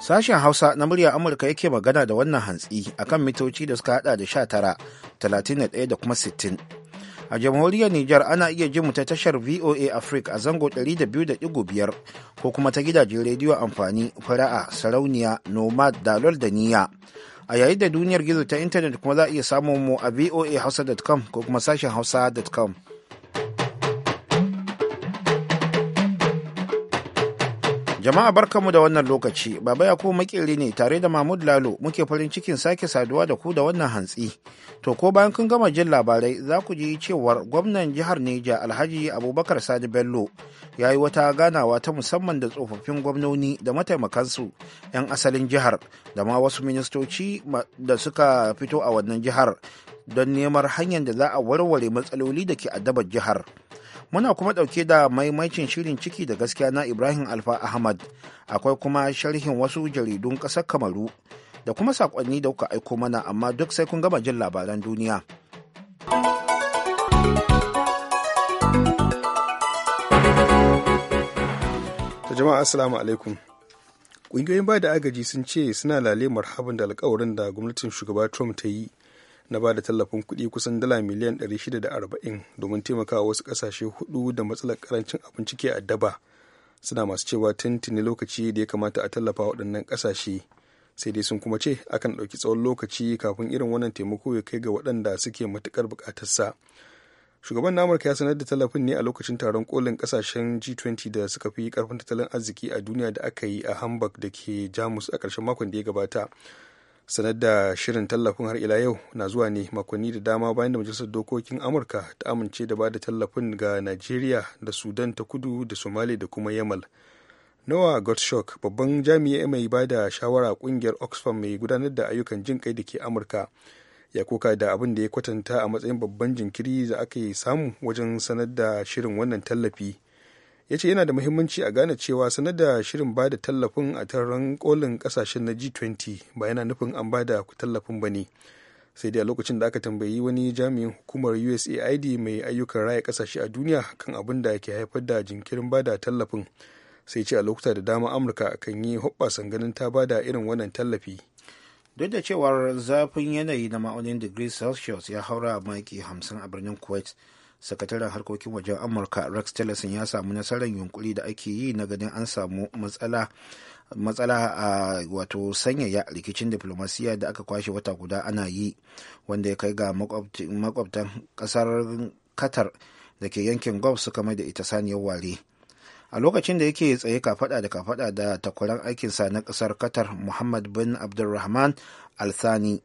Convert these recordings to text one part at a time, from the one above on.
Sashen Hausa na murya Amurka yake magana da wannan hantsi akan mitoci da suka hada da sha tara 31 da kuma 60. a jamhuriyar Nijar ana iya jin mu ta tashar VOA Africa a zango da da biyu biyar ko kuma ta gidajen rediyo amfani fara'a sarauniya nomad dalol da niya a yayin da duniyar gizo ta intanet kuma za a iya samun mu a voahausa.com ko kuma sashen hausa.com Jama'a barkamu da wannan lokaci, Baba ya kuma makeri ne tare da Mahmud Lalo muke farin cikin sake saduwa da ku da wannan hantsi. To ko bayan kun gama jin labarai za ku ji cewar gwamnan jihar Neja Alhaji Abubakar Sadi Bello ya yi wata ganawa ta musamman da tsofaffin gwamnoni da mataimakansu 'yan asalin jihar da ma wasu ministoci da suka fito a wannan jihar don neman hanyar da za a warware matsaloli da ke addabar jihar. Muna kuma ɗauke da maimacin shirin ciki da gaskiya na Ibrahim Alfa Ahmad, akwai kuma sharhin wasu jaridun ƙasar Kamaru da kuma saƙonni da kuka aiko mana amma duk sai kun gama jin labaran duniya. jama'a assalamu alaikum ƙungiyoyin ba da agaji sun ce suna lalemar habin da alkawarin da gwamnatin shugaba trump ta yi na ba da tallafin kuɗi kusan dala miliyan 640 domin taimakawa wasu ƙasashe hudu da matsalar karancin abinci ke addaba suna masu cewa tuntuni lokaci da ya kamata a tallafa waɗannan ƙasashe sai dai sun kuma ce akan ɗauki tsawon lokaci kafin irin wannan taimako ya kai ga waɗanda suke matuƙar buƙatarsa shugaban na amurka ya sanar da tallafin ne a lokacin taron kolin ƙasashen g20 da suka fi karfin tattalin arziki a duniya da aka yi a hamburg da ke jamus a ƙarshen makon da ya gabata sanar da shirin tallafin har ila yau na zuwa ne makonni da dama bayan da majalisar dokokin amurka ta amince da ba da tallafin ga nigeria da sudan ta kudu da somali da kuma yamal noah gottschalk babban jami'ai mai ba da shawara kungiyar oxfam mai gudanar da ayyukan jin kai da ke amurka ya koka da abin da ya kwatanta a matsayin babban jinkiri da aka yi samu wajen sanar da shirin wannan tallafi ya ce yana da muhimmanci a gane cewa sanar da shirin ba da tallafin a taron kolin kasashen na g20 ba yana nufin an ba da tallafin ba ne sai dai a lokacin da aka tambayi wani jami'in hukumar usaid mai ayyukan raya kasashe a duniya kan abin da ke haifar da jinkirin bada tallafin sai ce a lokuta da dama amurka kan yi hoɓɓasan ganin ta ba da irin wannan tallafi duk da cewar zafin yanayi na ma'aunin digiri celsius ya haura maki hamsin a birnin kuwait sakataren harkokin wajen amurka rex tillerson ya samu nasarar yunkuri da ake yi na ganin an samu matsala matsala a wato sanyaya rikicin diplomasiya da aka kwashe wata guda ana yi wanda ya kai ga makwabtan kasar katar da ke yankin gulf suka mai da ita saniyar ware a lokacin da yake tsaye kafada da kafada da takwaran aikinsa na kasar qatar muhammad bin abdulrahman al al-thani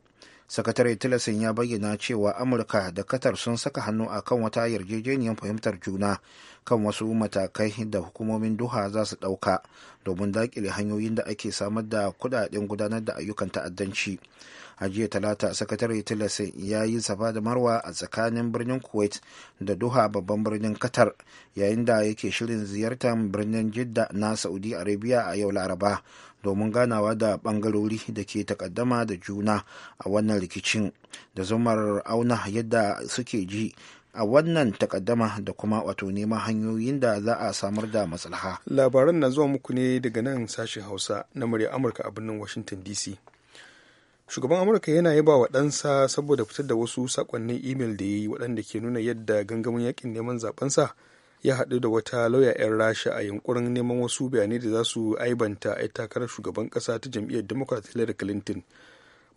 sakatare tillerson ya bayyana cewa amurka da qatar sun saka hannu a kan wata yarjejeniyar fahimtar juna kan wasu matakai da hukumomin duha za su ɗauka domin daƙile hanyoyin da ake samar da kudaden gudanar da ayyukan ta'addanci a jiya talata sakatare tillerson ya yi safa da marwa a tsakanin birnin kuwait da duha babban birnin qatar yayin da yake shirin ziyartar birnin jidda na saudi arabia a yau laraba domin ganawa da bangarori da ke takaddama da juna a wannan rikicin da zumar auna yadda suke ji a wannan takaddama da kuma wato neman hanyoyin da za a samar da maslaha. Labaran na zuwa muku ne daga nan sashen Hausa na murya Amurka a birnin Washington DC. Shugaban Amurka yana yaba wa ɗansa saboda fitar da wasu sakonnin imel da ya yi waɗanda ke nuna yadda gangamin yakin neman zaɓensa ya haɗu da wata lauya 'yan rasha a yunkurin neman wasu bayanai da za su aibanta a takarar shugaban ƙasa ta jam'iyyar democrat hillary clinton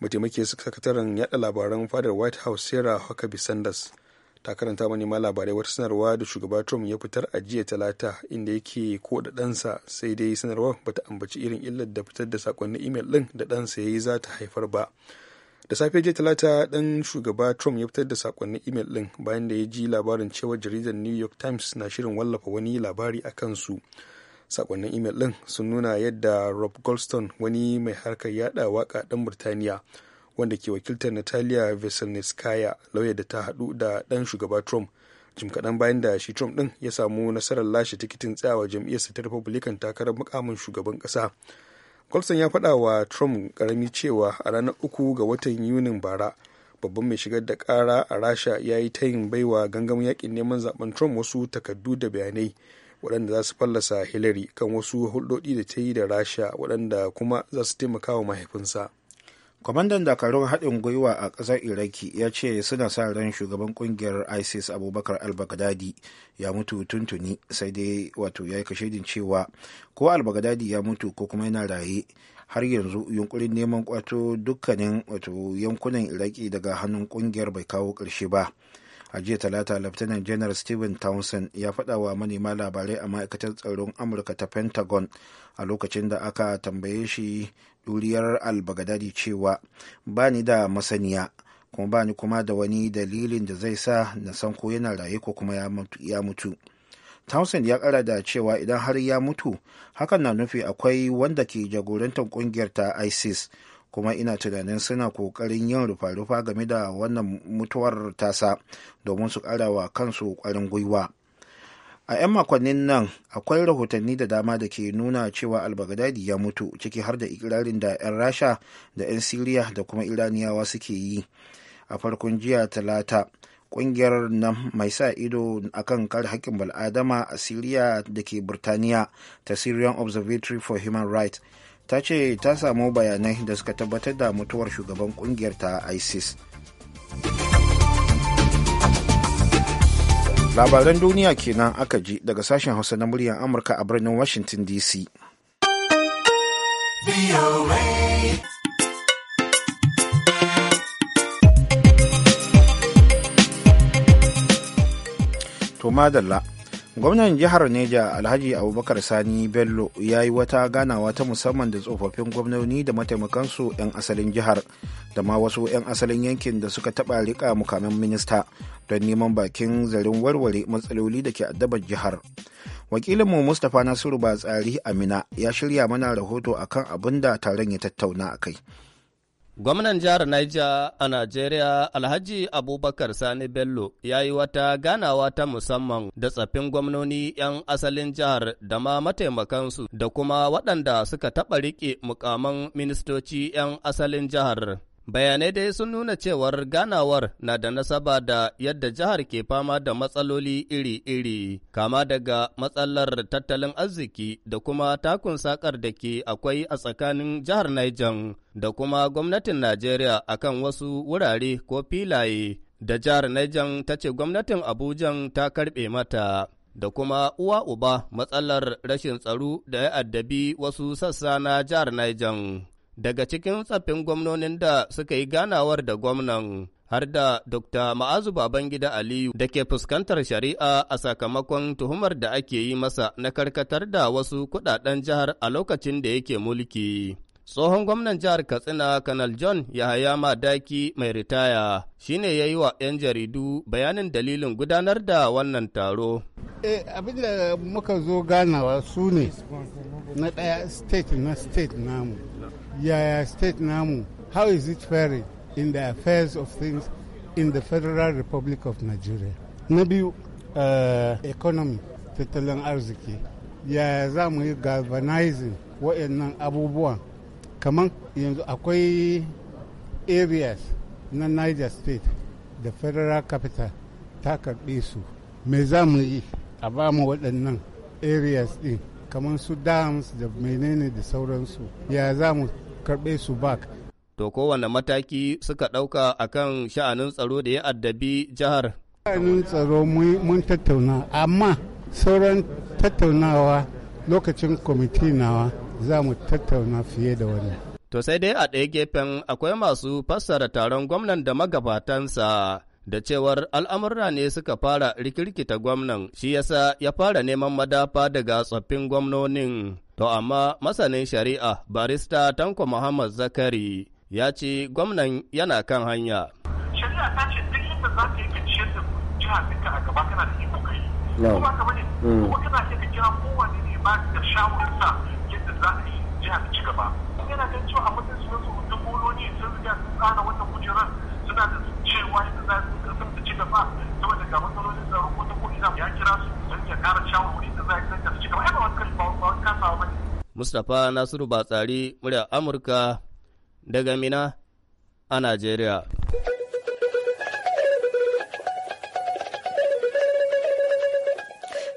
mataimakin sakataren yada labaran fadar white house sarah huckabee sanders ta karanta manema labarai wata sanarwa da shugaba trump ya fitar a jiya talata inda yake ko da ɗansa sai dai sanarwar bata ambaci irin illar da fitar da sakonnin imel ɗin da ɗansa ya yi za ta haifar ba. da safe jiya talata dan shugaba trump ya fitar da sakonnin imel din bayan da ya ji labarin cewa jaridar new york times na shirin wallafa wani labari a kansu sakonnin imel din sun nuna yadda rob goldstone wani mai harkar yada waka dan burtaniya wanda ke wakiltar natalia veselnitskaya lauya da ta hadu da dan shugaba trump jim kaɗan bayan da shi trump din ya samu nasarar lashe tikitin tsayawa jam'iyyarsa ta republican takarar mukamin shugaban ƙasa golson ya faɗa wa trump ƙarami cewa a ranar uku ga watan yunin bara babban mai shigar da ƙara a rasha ya yi tayin baiwa gangamin yakin neman zaben trump wasu takardu da bayanai waɗanda za su fallasa hillary kan wasu hulɗoɗi da ta yi da rasha waɗanda kuma za su taimaka wa mahaifinsa kwamandan dakarun haɗin gwiwa a ƙasar iraki ya ce suna sa ran shugaban ƙungiyar isis abubakar albagadadi ya mutu tuntuni sai dai wato ya yi kashedin cewa ko albagadadi ya mutu ko kuma yana raye har yanzu yunkurin neman kwato dukkanin wato yankunan iraki daga hannun ƙungiyar bai kawo ƙarshe ba a jiya talata lieutenant janar steven townsend ya faɗa wa manema labarai a ma'aikatar tsaron amurka ta pentagon a lokacin da aka tambaye shi ɗuriyar albagadari cewa ba ni da masaniya kuma ba ni kuma da wani dalilin da zai sa na san ko yana raye ko kuma ya mutu townsend ya kara da cewa idan har ya mutu hakan na nufi akwai wanda ke jagorantar kungiyar ta isis kuma ina tunanin suna kokarin yin rufa-rufa game da wannan mutuwar tasa domin su kara wa kansu kwarin gwiwa a 'yan makonnin nan akwai rahotanni da dama da ke nuna cewa albagadadi ya mutu ciki har da ikirarin da 'yan rasha da 'yan siriya da kuma iraniyawa suke yi a farkon jiya talata kungiyar nan mai sa ido akan kare hakkin bal'adama a siriya da ke birtaniya ta syrian observatory for human rights ta ce ta samu bayanai da suka tabbatar da mutuwar shugaban kungiyar ta isis labaran duniya kenan aka ji daga sashen hausa na muryar amurka a birnin washington dc to madalla gwamnan jihar neja alhaji abubakar sani bello ya yi wata ganawa ta musamman da tsofaffin gwamnoni da mataimakansu 'yan asalin jihar da ma wasu 'yan asalin yankin da suka taba rika mukamin minista don neman bakin zarin warware matsaloli da ke addabar jihar wakilinmu mustapha nasiru ba tsari amina ya shirya mana rahoto akan abin da taron ya tattauna a kai Gwamnan jihar Niger a Najeriya Alhaji Abubakar Sani Bello ya yi wata ganawa ta musamman da tsaffin gwamnoni 'yan asalin jihar da ma mataimakansu da kuma waɗanda suka taɓa riƙe mukaman ministoci 'yan asalin jihar. Bayanai dai sun nuna cewar ganawar na da nasaba da yadda jihar ke fama da matsaloli iri-iri, kama daga matsalar tattalin arziki da kuma takun sakar da ke akwai a tsakanin jihar Niger da kuma gwamnatin Najeriya akan wasu wurare ko filaye da jihar Niger ta ce gwamnatin Abuja ta karɓe mata. da kuma uwa uba matsalar rashin tsaro da ya addabi wasu sassa na jihar Niger. daga cikin tsaffin gwamnonin da suka yi ganawar da gwamnan har da Dr. Ma'azu Babangida Aliyu da ke fuskantar shari'a a sakamakon tuhumar da ake yi masa na karkatar da wasu kudaden jihar a lokacin da yake mulki. Tsohon gwamnan jihar Katsina Kanal John Yahaya Madaki mai ritaya shine ne ya yi wa 'yan jaridu bayanin dalilin gudanar da wannan taro. Eh, abin da muka zo ganawa su na ɗaya state na state namu. yaya state namu how is it faring in the affairs of things in the federal republic of nigeria na biyu uh, economy tattalin arziki yaya za mu yi galvanizing waɗannan abubuwan kamar yanzu akwai areas na niger state da federal capital ta karɓe su me za mu yi a ba mu waɗannan areas ɗin kamar su dams da menene da sauransu ya za mu karɓe su bak to kowane mataki suka ɗauka a kan sha'anin tsaro da ya addabi jihar sha'anin tsaro mun tattauna amma sauran tattaunawa lokacin kwamiti nawa za mu tattauna fiye da wani to sai dai a ɗaya gefen akwai masu fassara taron gwamnan da magabatansa da cewar al'amurra ne suka fara rikirkita gwamnan shi yasa ya fara neman madafa daga tsoffin gwamnonin. To amma masanin shari'a barista Tanko Muhammad Zakari ya ce gwamnan yana kan hanya. Shari'a ta ce duk inda za ta yi ka ciyar da jihar duka a gaba kana da iko kai. Kuma ka bane mm. kuma kana ce ka kira kowane ne ba da shawararsa yadda za a yi jihar ci gaba. Yana kan cewa a matsayin su na su mutum boloni sun riga sun tsara wannan kujerar yana da cewa yadda za su kasar ci gaba saboda ga matsalolin tsaro ko ta ko ina ya kira su don ya kara shawarwari da za a yi ci gaba ai ba wani kan ba wani kasawa ba ne. Mustapha Nasiru Batsari, murya Amurka daga Mina a Najeriya.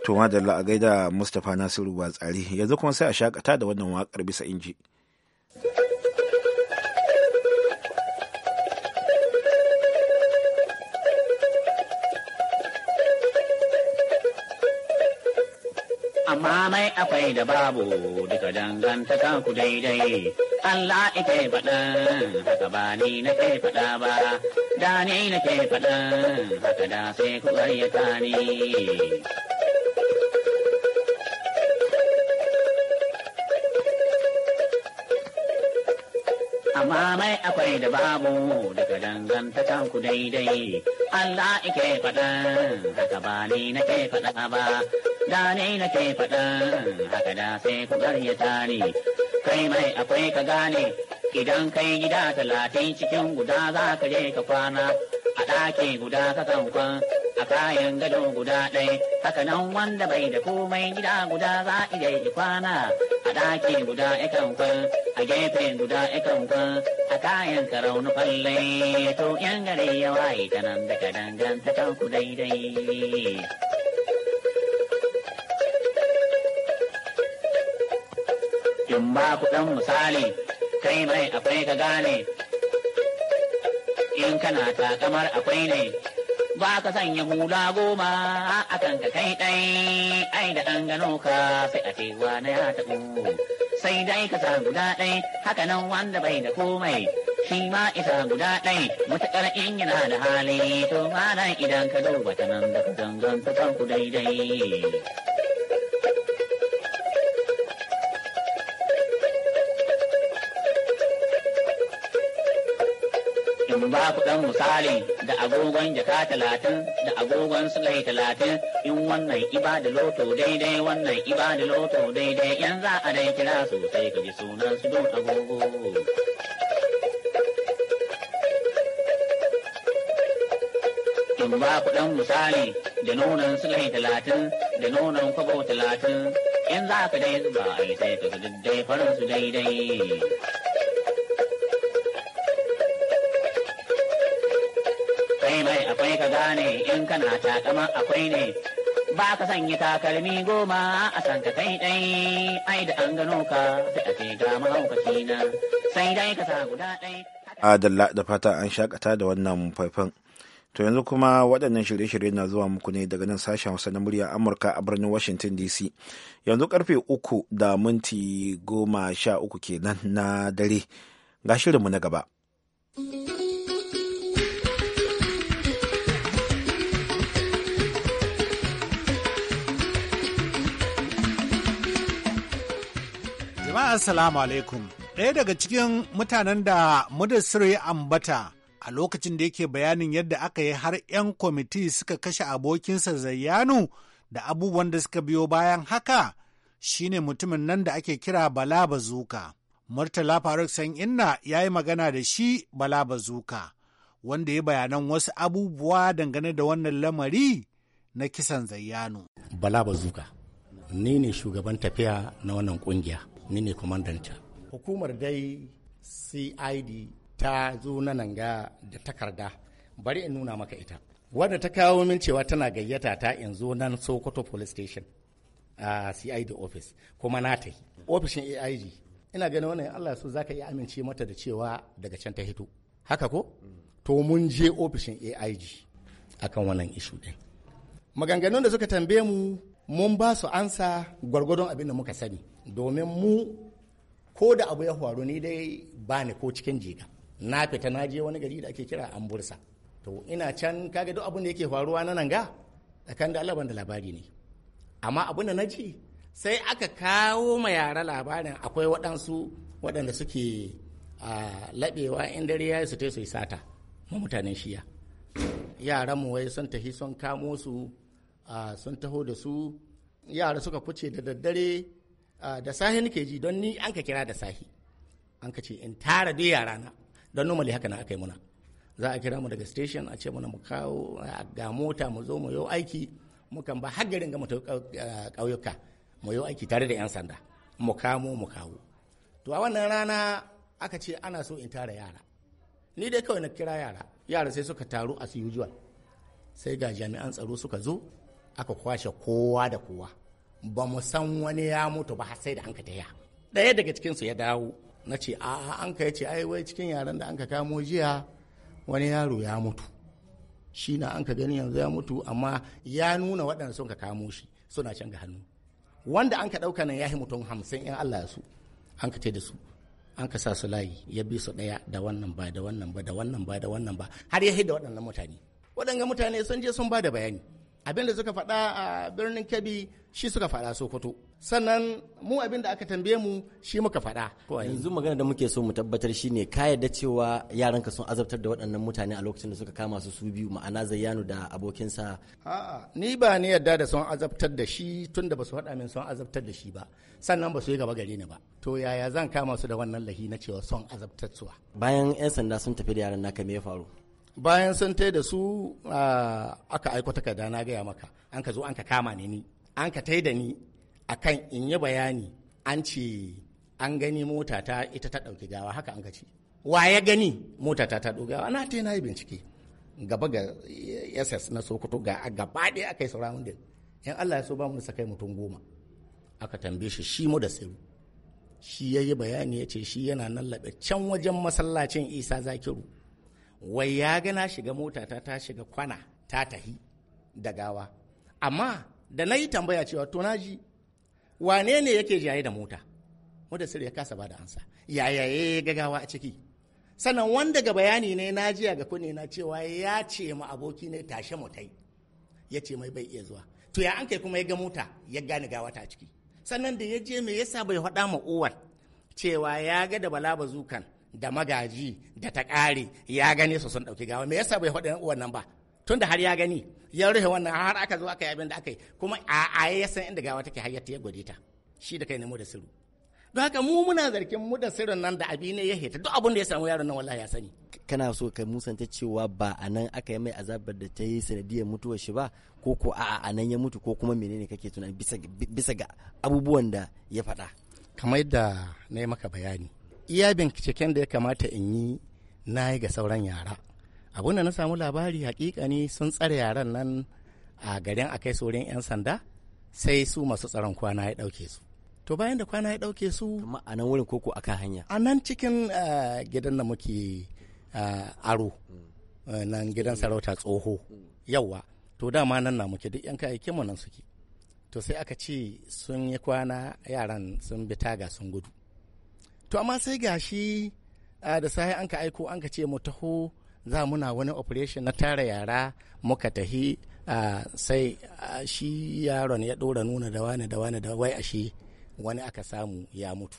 To madalla a gaida Mustapha Nasiru Batsari yanzu kuma sai a shakata da wannan waƙar bisa inji. amma mai akwai da babu duka dangantaka ku daidai. Allah ike faɗa haka ba ni na ke faɗa ba, da ni na ke faɗa haka da sai ku ƙaryata ni. amma mai akwai da babu daga dangantakan ku daidai Allah ike faɗa haka ba ni ke faɗa ba da nake na ke faɗa haka da sai ku ya kai mai akwai ka gane idan kai gida talatin cikin guda za ka je ka kwana a ɗaki guda ka kan a kayan gado guda ɗai haka nan wanda bai da komai gida guda za a iya kwana a ɗaki guda ya kan a gefe guda ya kan a kayan karau na falle to yan gare ya wayi ta nan daga dangantakan ku daidai. in ba ku misali kai mai akwai ka gane in kana ta kamar akwai ne ba ka sanya hula goma a kan ka kai ɗai ai da ɗan gano ka sai a cewa na ya taɓu sai dai ka sa guda ɗai haka nan wanda bai da komai shi ma isa guda ɗai mutuƙar in yana da hali to ma idan ka duba ta nan da ka zangon ta daidai. misali da agogon jaka talatin da agogon sulai talatin in wannan iba da loto daidai wannan iba da loto daidai yan za a dai kira sosai ka ji sunan su don agogo. In ba kuɗin misali da nonon sulai talatin da nonon kwabo talatin in za ka dai zuba a yi sai ka dai farin su daidai. kyauta ne in kana takama akwai ne ba ka sanya takalmi goma a san ka kai dai ai da an gano ka da ake gama hauka na sai dai ka sa guda dai Adalla da fata an shakata da wannan faifan. To yanzu kuma waɗannan shirye-shirye na zuwa muku ne daga nan sashen Hausa na muryar Amurka a birnin Washington DC. Yanzu karfe uku da minti goma sha uku kenan na dare. Ga shirinmu na gaba. Assalamu alaikum. Ɗaya daga cikin mutanen da Mudassir ya ambata a lokacin da yake bayanin yadda aka yi har 'yan kwamiti suka kashe abokinsa Zayyanu da abubuwan da suka biyo bayan haka shine mutumin nan da ake kira Bala Bazuka. Murtala Faruk San Inna ya yi magana da shi Bala Bazuka, wanda ya bayanan wasu abubuwa dangane da wannan lamari na kisan Zayyanu. Bala Bazuka, ni ne shugaban tafiya na wannan ƙungiya. ni ne kwamandanta hukumar dai cid ta zo na nan ga da takarda bari in nuna maka ita wanda ta kawo min cewa tana gayyata ta in zo nan sokoto police station a cid office kuma na ta yi ofishin aig ina ganin wannan allah so ka iya amince mata da cewa daga can ta hito haka ko to mun je ofishin aig akan wannan ishu din maganganun da suka tambaye mu mun ba su ansa gwargwadon abin da muka sani domin mu ko da abu ya faru ni dai ba ni ko cikin jika na fita na je wani gari da ake kira ambursa to ina can kaga duk abin da yake faruwa na nan ga tsakan da Allah da labari ne amma abin da na ji sai aka kawo ma yara labarin akwai waɗansu waɗanda suke laɓewa in dare ya yi su su yi sata ma mutanen shiya yaran mu wai sun tafi sun kamo su sun taho da su yara suka kuce da daddare da sahi nake ji don ni an ka kira da sahi an ka ce in tara duk yara na don normally haka na aka yi muna za a kira mu daga station a ce mana mu kawo ga mota mu zo mu yau aiki mukan ba har garin ga mu ƙauyuka mu yau aiki tare da 'yan sanda mu kamo mu kawo to a wannan rana aka ce ana so in tara yara ni dai kawai na kira yara yara sai suka taru as usual sai ga jami'an tsaro suka zo aka kwashe kowa da kowa ba mu san wani ya mutu ba sai da an ka taya ɗaya daga cikinsu ya dawo na ce a an ka ce ai wai cikin yaran da an ka kamo jiya wani yaro ya mutu shi na an ka gani yanzu ya mutu amma ya nuna waɗanda sun ka kamo shi suna can ga hannu wanda an ka ɗauka nan ya yi mutum hamsin in Allah ya su an ka da su an ka sa su layi ya bi su ɗaya da wannan ba da wannan ba da wannan ba da wannan ba har ya da waɗannan mutane Waɗanga mutane sun je sun ba da bayani abin da suka faɗa a birnin kebi shi suka faɗa sokoto sannan mu abin da aka tambaye mu shi muka faɗa. yanzu magana da muke so mu tabbatar shi ne ka yarda cewa yaranka sun azabtar da waɗannan mutane a lokacin da suka kama su su biyu ma'ana zayyanu da abokinsa. a'a ni ba ni yarda da sun azabtar da shi tun da ba su faɗa min sun azabtar da shi ba sannan ba su yi gaba gare ni ba to yaya zan kama su da wannan lahi na cewa sun azabtar bayan 'yan sanda sun tafi da yaran naka me ya faru. bayan sun tai da su aka aiko takarda na gaya maka an ka zo an ka kama ni ni an ka tai da ni akan in yi bayani an ce an gani mota ta ita ta ɗauki gawa haka an ka ce wa ya gani mota ta ta gawa na tai na yi bincike gaba ga ss na sokoto ga gaba ɗaya aka yi sauraron da yan allah ya so ba mu da sakai mutum goma aka tambaye shi shi mu da sai shi ya yi bayani ya ce shi yana nan laɓe can wajen masallacin isa zakiru wai ya gana shiga mota ta ta shiga kwana ta tahi da gawa amma da na yi tambaya cewa to na ji wane ne yake jaye da mota wanda sir ya kasa ba da ansa yaya ya gagawa a ciki sannan wanda ga bayani ne na jiya ga kunne na cewa ya ce ma aboki ne tashe mutai ya ce mai bai iya zuwa to ya an kai kuma ya ga mota ya gane gawa ta ciki sannan da ya je me yasa bai faɗa ma uwar cewa ya ga da bala bazukan da magaji da ta ƙare ya gane su sun ɗauki gawa me yasa bai faɗi uwan nan ba tun da har ya gani ya rufe wannan har aka zo aka yi abin da aka yi kuma a ya san inda gawa take har ya gode ta shi da kai ne mu da siru don haka mu muna zargin mu da sirrin nan da abi ne ya heta duk abin da ya samu yaron nan wallahi ya sani kana so ka musanta cewa ba a nan aka yi mai azabar da ta yi sanadiyar mutuwar shi ba ko ko a'a a nan ya mutu ko kuma menene kake tunani bisa ga abubuwan da ya faɗa kamar yadda na yi maka bayani iya binciken da ya kamata in yi na yi ga sauran yara abun na samu labari hakika ne sun tsare yaran nan a garin a kai saurin 'yan sanda sai su masu tsaron kwana ya dauke su to bayan da kwana ya dauke su a nan wurin koko akan hanya a nan cikin eh, gidan da muke eh, aro mm. eh, nan gidan sarauta tsoho yawa to dama nan na muke duk 'yan kayayyakin mu nan suke to sai aka ce sun yi kwana yaran sun bi taga sun gudu to amma sai gashi da sai an ka aiko an ka ce mu taho za muna wani operation na tara yara muka tahi sai shi yaron ya ɗora nuna da wani da wani da wai ashe wani aka samu ya mutu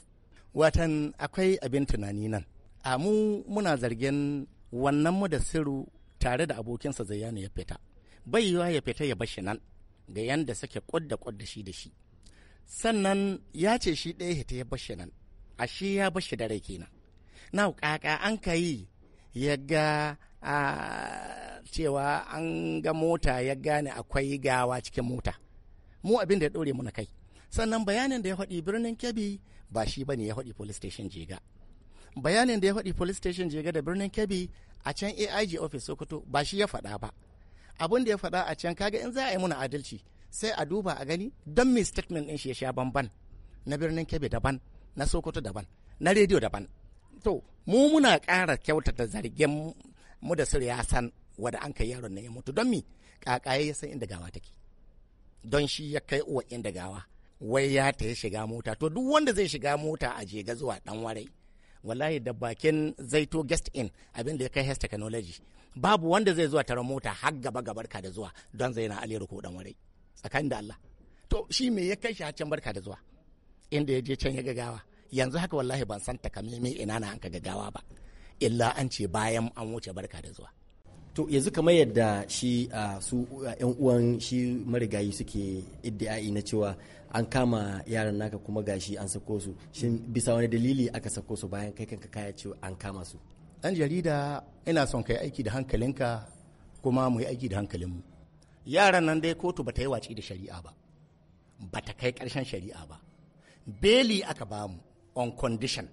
watan akwai abin tunani nan a mu muna zargin wannan mu da siru tare da abokinsa zayyano ya fita bai yiwa ya fita ya bashi nan ga yanda suke kudda kudda shi da shi sannan ya ce shi ɗaya ya ta ya bashi nan ashe ya bashi da rai kenan na kaka an ka yi ya ga cewa an ga mota ya gane akwai gawa cikin mota mu abin da ya dore mu na kai sannan bayanin da ya faɗi birnin kebbi ba shi ba ne ya faɗi police station jega bayanin da ya faɗi police station jega da birnin kebi a can aig office sokoto ba shi ya faɗa ba abin da ya faɗa a can kaga in za a yi muna adalci sai a duba a gani don me statement ɗin shi ya sha bamban na birnin kebi daban na sokoto daban na rediyo daban to mu muna ƙara kyautata zargen mu da sir ya san wada an kai yaron nan ya mutu don mi kakaye ya san inda gawa take don shi ya kai uwa inda gawa wai ya ta ya shiga mota to duk wanda zai shiga mota a jega zuwa dan warai wallahi da bakin zaito guest in abin da ya kai health technology babu wanda zai zuwa tara mota har gaba ga barka da zuwa don zai na aliyar ko dan warai tsakanin da Allah to shi me ya kai shi a can barka da zuwa inda ya je can ya gagawa yanzu haka wallahi ban san takamaimai ina na hanka gagawa ba illa an ce bayan an wuce barka da zuwa to yanzu kamar yadda shi su yan uwan shi marigayi suke iddi'ai na cewa an kama yaran naka kuma gashi an sako su shin bisa wani dalili aka sako su bayan kai kanka kaya cewa an kama su dan jarida ina son kai aiki da hankalinka kuma mu yi aiki da hankalinmu yaran nan dai kotu bata yi watsi da shari'a ba bata kai karshen shari'a ba beli aka bamu on condition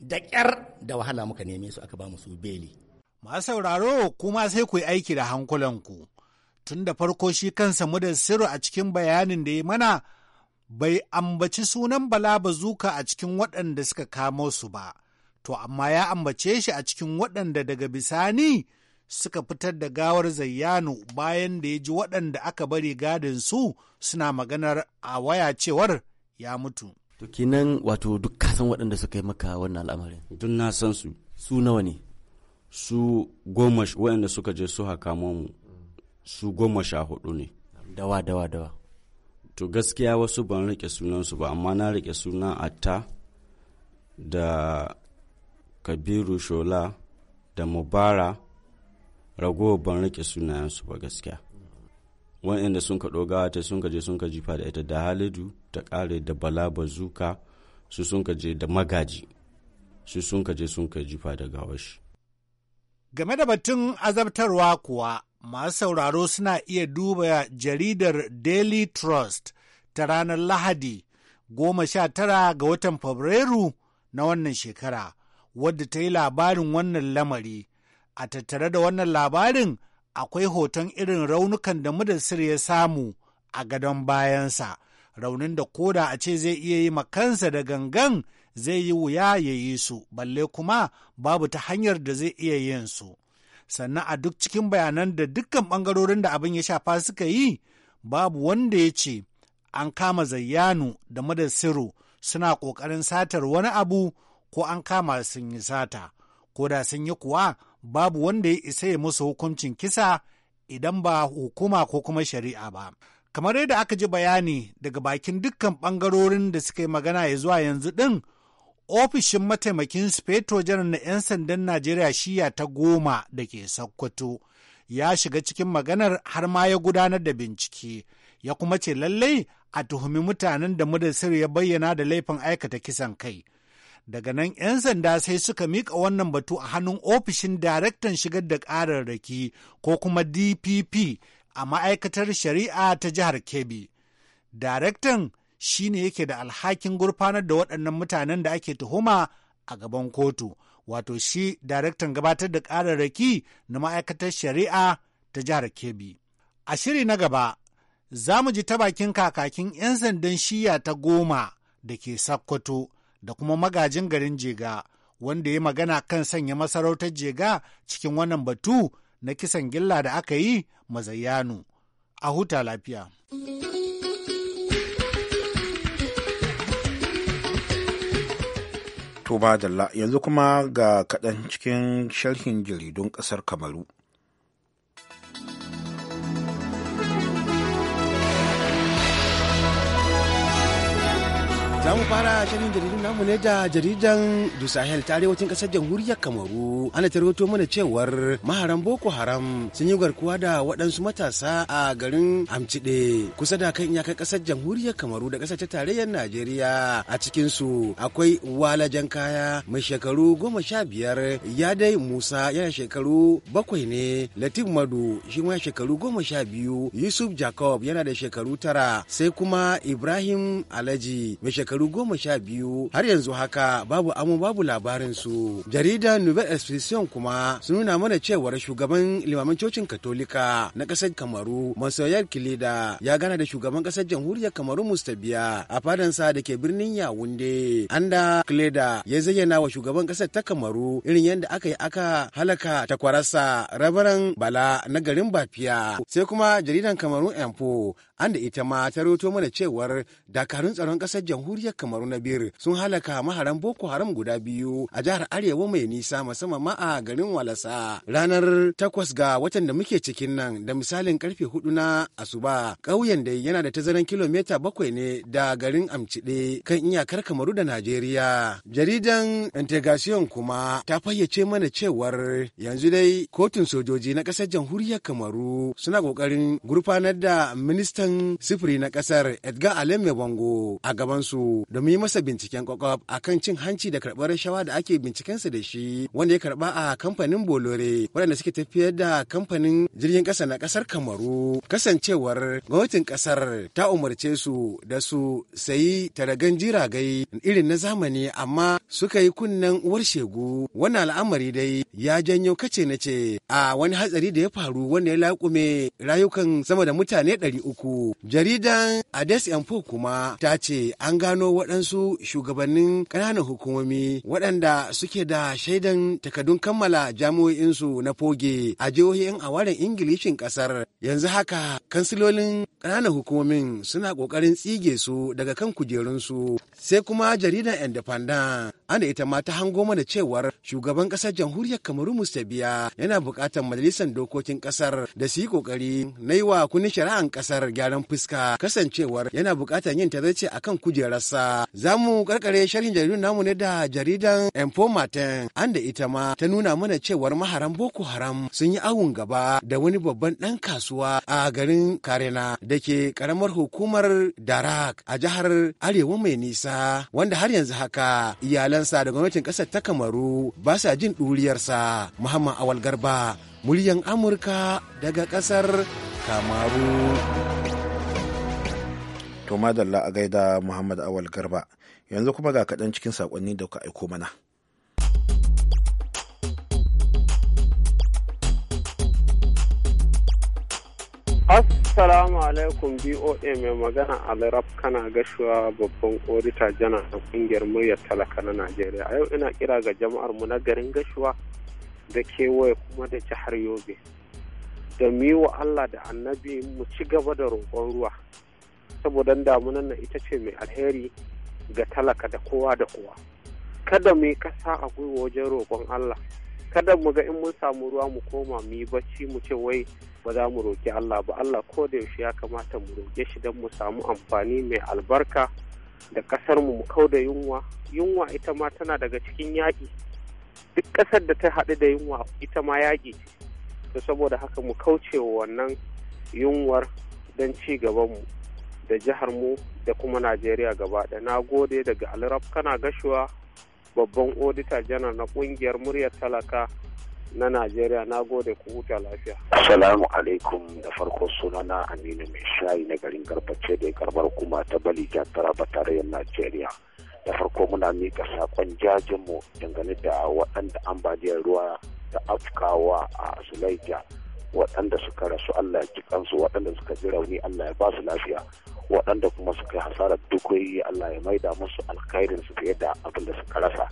da ƙyar da wahala muka neme su aka bamu su beli masu sauraro kuma sai ku yi aiki da hankulanku tun da farko shi kansa da sirri a cikin bayanin da ya mana bai ambaci sunan bala bazuka a cikin waɗanda suka kamo su ba to amma ya ambace shi a cikin waɗanda daga bisani suka fitar da gawar zayyano bayan da ya ji waɗanda aka bari gadin su suna maganar a waya cewar ya mutu. To kinan wato duk ka san waɗanda suka yi maka wannan al'amarin? Duk na san su. Su nawa ne? Su goma waɗanda suka je su haka mu su goma sha hudu ne. Dawa dawa dawa. To gaskiya wasu ban rike sunansu ba amma na rike suna Atta da Kabiru Shola da Mubara ragowa ban rike sunayensu ba gaskiya. wa'anda sun ka dogawa ta sun ka je sun ka jifa da ita da halidu ta ƙare da bala bazuka su sun da magaji su sun ka je sun ka jifa da gawashi. Game da batun azabtarwa kuwa masu sauraro suna iya duba jaridar Daily Trust ta ranar Lahadi goma sha tara ga watan Fabrairu na wannan shekara wadda ta yi labarin wannan lamari. A tattare da wannan labarin akwai hoton irin raunukan da mudassir ya samu a gadon bayansa, raunin da koda a ce zai iya yi makansa da gangan zai yi wuya ya yi su, balle kuma babu ta hanyar da zai iya yin su. Sannan a duk cikin bayanan da dukkan ɓangarorin da abin ya shafa suka yi, babu wanda ya ce an kama zayyanu da madassiru suna ƙoƙarin satar wani abu ko an kama sun yi sata. ko da sun yi kuwa babu wanda ya isa ya musu hukuncin kisa idan ba hukuma ko kuma shari'a ba. Kamar yadda aka ji bayani daga bakin dukkan ɓangarorin da suka yi magana ya zuwa yanzu ɗin, ofishin mataimakin Sufeto, janar na 'yan sandan Najeriya shiya ta goma da ke Sokoto ya shiga cikin maganar har ma ya gudanar da bincike, ya kuma ce lallai a tuhumi mutanen da mudasir ya bayyana da laifin aikata kisan kai. Daga nan 'yan sanda sai suka mika wannan batu a hannun ofishin daraktan shigar da ƙararraki ko kuma DPP a ma'aikatar shari'a ta jihar Kebbi. Daraktan shi ne yake da alhakin gurfanar da waɗannan mutanen da ake tuhuma a gaban kotu, wato shi daraktan gabatar da ƙararraki na ma'aikatar shari'a ta jihar Kebbi. A shiri na gaba, za mu ji ta bakin kakakin 'yan sandan shiya ta goma da ke Sakkwato, da kuma magajin garin Jega wanda ya magana kan sanya masarautar Jega cikin wannan batu na kisan gilla da aka yi mazayyanu. A huta lafiya. ba yanzu kuma ga kaɗan cikin sharhin jaridun ƙasar Kamaru. Za mu fara shirin jaridun namu ne da jaridan Du Sahel ta arewacin kasar jamhuriyar Kamaru. Ana tarwato mana cewar maharan Boko Haram sun yi garkuwa da waɗansu matasa a garin Amcide kusa da kan iyakar kasar jamhuriyar Kamaru da kasar ta tarayyar Najeriya. A cikin su akwai walajan kaya mai shekaru goma sha biyar ya dai Musa yana shekaru bakwai ne Latif Madu shi ma shekaru goma sha biyu Yusuf Jacob yana da shekaru tara sai kuma Ibrahim Alhaji mai shekaru shekaru goma sha biyu har yanzu haka babu amo babu labarin su jaridar nouvelle expression kuma sun nuna mana cewar shugaban limamin cocin katolika na ƙasar kamaru Monsieur kilida ya gana da shugaban ƙasar jamhuriyar kamaru mustabiya a fadansa da ke birnin yawunde anda kilida ya zayyana wa shugaban ƙasar ta kamaru irin yadda aka yi aka halaka takwararsa rabaran bala na garin bafiya sai kuma jaridan kamaru empo an da ita ma ta rawaito mana cewar dakarun tsaron ƙasar jamhuriyar kamaru na bir sun halaka maharan boko haram guda biyu a jihar arewa mai nisa musamman ma a garin walasa ranar takwas ga watan da muke cikin nan da misalin karfe hudu na asuba ƙauyen da yana da tazaran kilomita bakwai ne da garin Amcide, kan iyakar kamaru da najeriya jaridan integration kuma ta fayyace mana cewar yanzu dai kotun sojoji na ƙasar jamhuriyar kamaru suna ƙoƙarin gurfanar da ministan ministan sifiri na kasar Edgar Alemme bango? a gabansu domin yi masa binciken kwakwaf a kan cin hanci da karɓar rashawa da ake bincikensa da shi wanda ya karɓa a kamfanin Bolore waɗanda suke tafiyar da kamfanin jirgin ƙasa na ƙasar Kamaru kasancewar gwamnatin ƙasar ta umarce su da su sayi taragan jiragai irin na zamani amma suka yi kunnen uwar shegu wannan al'amari dai ya janyo kace na ce a wani hatsari da ya faru wanda ya laƙume rayukan sama da mutane ɗari uku Jaridan Ades Info kuma ta ce an gano waɗansu shugabannin ƙananan hukumomi waɗanda suke da shaidan takardun kammala jami'o'insu na foge a jihohin awaren Ingilishin ƙasar. Yanzu haka kansilolin ƙananan hukumomin suna ƙoƙarin tsige su daga kan kujerunsu. Sai kuma jaridan Independent ana ita ma ta hango mana cewar shugaban ƙasar jamhuriyar Kamaru mustabiya yana buƙatar majalisar dokokin ƙasar da su yi ƙoƙari na yi wa kunin shari'an ƙasar gyara gyaran fuska kasancewar yana bukatar yin a kan kujerarsa. Za mu karkare sharhin jaridun namu ne da jaridan Informaten an da ita ma ta nuna mana cewar maharan Boko Haram sun yi awun gaba da wani babban dan kasuwa a garin Karena da ke karamar hukumar Darak a jihar Arewa mai nisa wanda har yanzu haka iyalansa da gwamnatin ƙasar ta Kamaru ba sa jin ɗuriyarsa. Muhammad Awal Garba, muryan Amurka daga ƙasar Kamaru. To madalla a gaida Muhammad Awal Garba. Yanzu kuma ga kaɗan cikin sakonni da kuka aiko mana. Assalamu alaikum BOA mai magana Alraf kana gashuwa babban orita jana da kungiyar muryar talaka na Najeriya. A yau ina kira ga jama'ar mu na garin gashuwa da kewaye kuma da jihar Yobe. Da mu wa Allah da annabi mu ci gaba da roƙon ruwa. saboda damunan na ita ce mai alheri ga talaka da kowa da kowa kada mu yi kasa a gwiwa wajen roƙon Allah kada mu ga in mun samu ruwa mu koma mu yi bacci mu ce wai ba za mu roƙi Allah ba Allah ko da yaushe ya kamata mu roƙe shi don mu samu amfani mai albarka da ƙasar mu mu kau da yunwa yunwa ita ma tana daga cikin yaƙi duk ƙasar da ta haɗu da yunwa ita ma yaƙi to saboda haka mu kauce wa wannan yunwar don ci gaban mu da jihar mu da kuma najeriya gaba da na gode daga alraf kana gashuwa babban odita janar na kungiyar muryar talaka na najeriya na gode ku huta lafiya assalamu alaikum da farko sunana aminu mai shayi na garin garbace da garbar kuma ta bali jantara ba tarayyar najeriya da farko muna mika sakon jajinmu dangane da waɗanda ambaliyar ruwa da afkawa a sulaija waɗanda suka rasu allah ya ji kansu waɗanda suka ji rauni allah ya ba su lafiya waɗanda kuma suka yi hasarar dukoyi Allah ya maida musu alkhairin su fiye da abin da suka rasa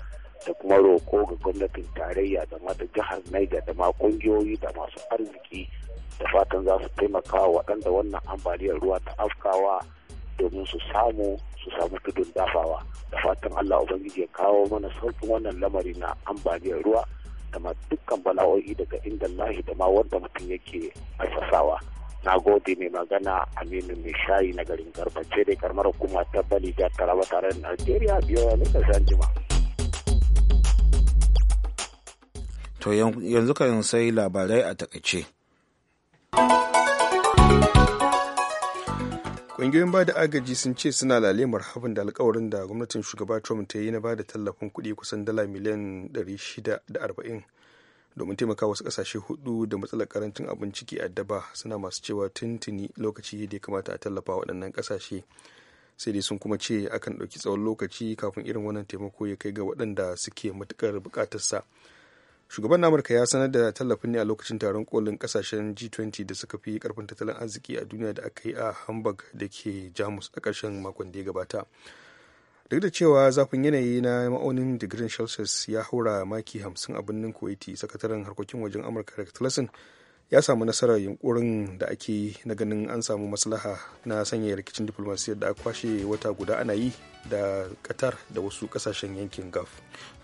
da kuma roƙo ga gwamnatin tarayya da ma da jihar Niger da ma kungiyoyi da masu arziki da fatan za su taimaka waɗanda wannan ambaliyar ruwa ta afkawa domin su samu su samu tudun dafawa da fatan Allah ubangiji ya kawo mana sauƙin wannan lamari na ambaliyar ruwa da ma dukkan bala'o'i daga inda lahi da ma wanda mutum yake aifasawa. na gode mai magana aminu mai shayi na garin ce da karmar hukuma ta bali da taraba tare da najeriya biyo ne da jima to yanzu kan sai labarai a takaice ƙungiyoyin ba da agaji sun ce suna lalemar hafin da alkawarin da gwamnatin shugaba trump ta yi na ba da tallafin kuɗi kusan dala miliyan 640 domin taimaka wasu kasashe hudu da matsalar karancin abin ciki a daba suna masu cewa tuntuni lokaci da ya kamata a tallafa waɗannan kasashe sai dai sun kuma ce akan ɗauki tsawon lokaci kafin irin wannan taimako ya kai ga waɗanda suke matuƙar buƙatarsa shugaban amurka ya sanar da tallafin ne a lokacin taron kolin kasashen g20 da suka fi karfin tattalin arziki a duniya da aka yi a hamburg da ke jamus a ƙarshen makon da ya gabata duk da cewa zafin yanayi na ma'aunin digirin celsius ya haura maki 50 a birnin kuwaiti sakataren harkokin wajen amurka rex tillerson ya samu nasarar yunkurin da ake yi na ganin an samu maslaha na sanya rikicin diplomasiyya da aka kwashe wata guda ana yi da qatar da wasu kasashen yankin gaf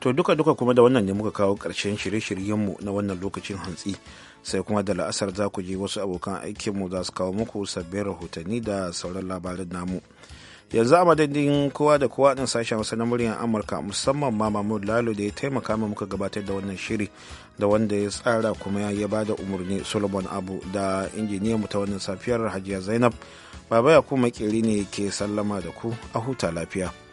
to duka duka kuma da wannan ne muka kawo karshen shirye-shiryenmu na wannan lokacin hantsi sai kuma da la'asar za ku je wasu abokan aikinmu za su kawo muku sabbin rahotanni da sauran labarin namu yanzu a madadin kowa da kowa ɗin sashen wasu na muryar amurka musamman ma mahmud lalo da ya taimaka ma muka gabatar da wannan shiri da wanda ya tsara kuma ya ba da umarni solomon abu da injiniyan mu ta wannan safiyar hajiya zainab baba ya kuma makeri ne ke sallama da ku a huta lafiya